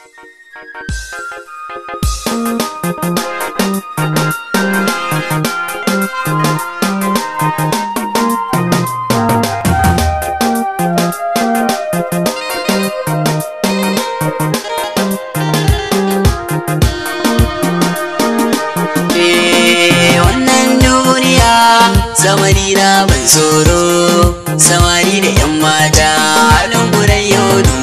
Eh, samari na ban tsoro samari da yan mata halin gudan yau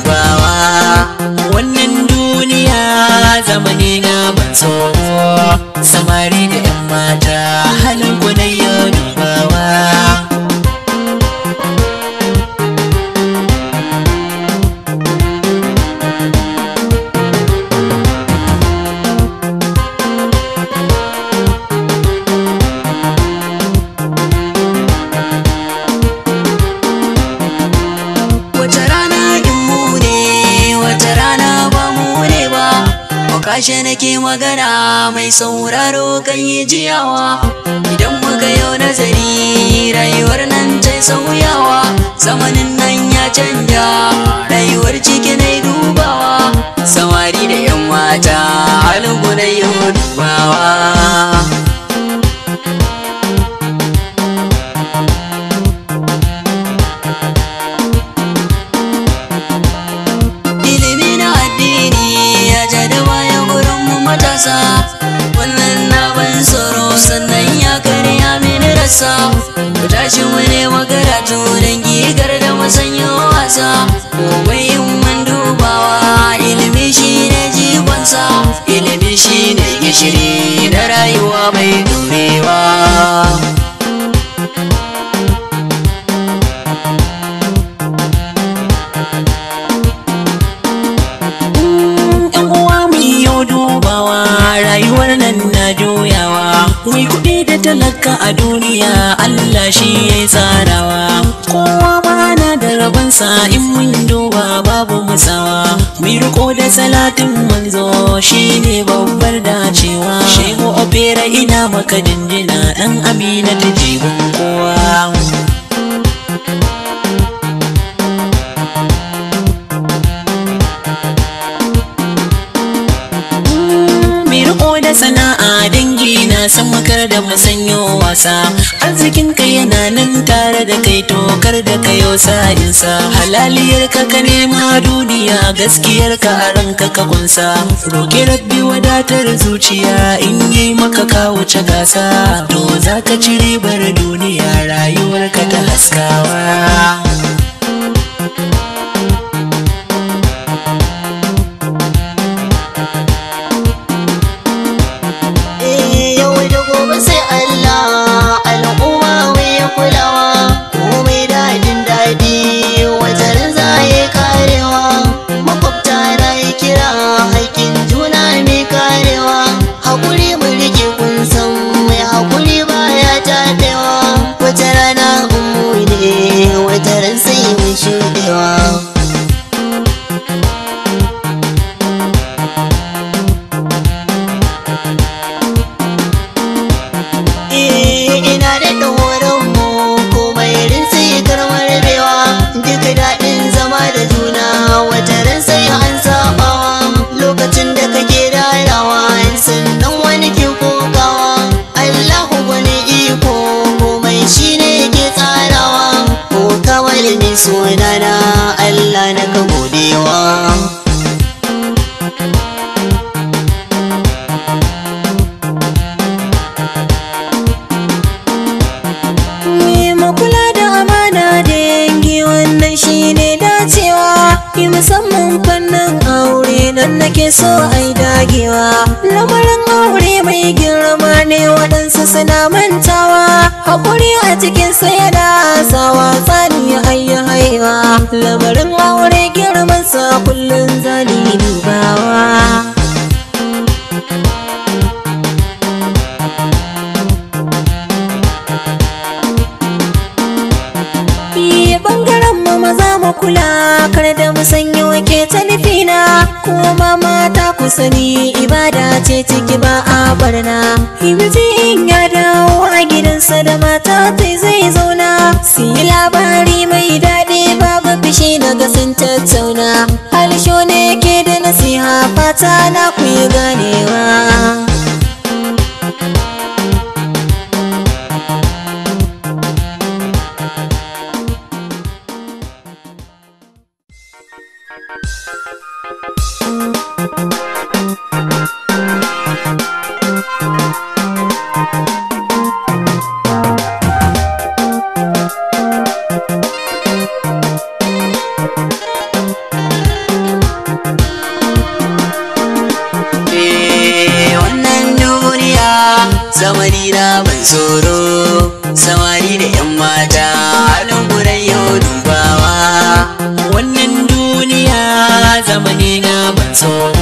harshe nake magana mai sauraro kan yi jiyawa idan muka yau nazari rayuwar nan ta sauyawa zamanin nan ya canja rayuwar ciki na dubawa samari da yan mata halin yau dubawa talaka a duniya Allah shi ya tsarawa kowa ba na da rabansa in mun duba babu musawa. mai riko da salatin manzo shi ne babbar dacewa shehu opera ina maka dindina dan amina ta jibin kowa san makar da sanyo wasa arzikin ka yana nan tare da kai to kar da kayo sa'insa halaliyar ka ka nema duniya gaskiyar ka a ranka ka kunsa roke rabbi wadatar zuciya in yi maka ka wuce gasa to za ka ci ribar duniya rayuwar ka ta haskawa mun fannin aure nan nake so ai dagewa lamarin aure mai girma ne waɗansu suna mantawa haƙuri a cikin sai da sawa tsani ya haiwa kula kar da mu sanyo ke ta nufina mata kusa sani ibada ce ciki ba a barna in ya dawo a gidansa da mata ta zai zauna su yi labari mai daɗi babu fishi na ga sun tattauna harsho ne ke da nasiha fata na ku yi ganewa Eh, samari na ban tsoro samari da yan mata halin gudan yau dubawa wannan duniya zamani na ban tsoro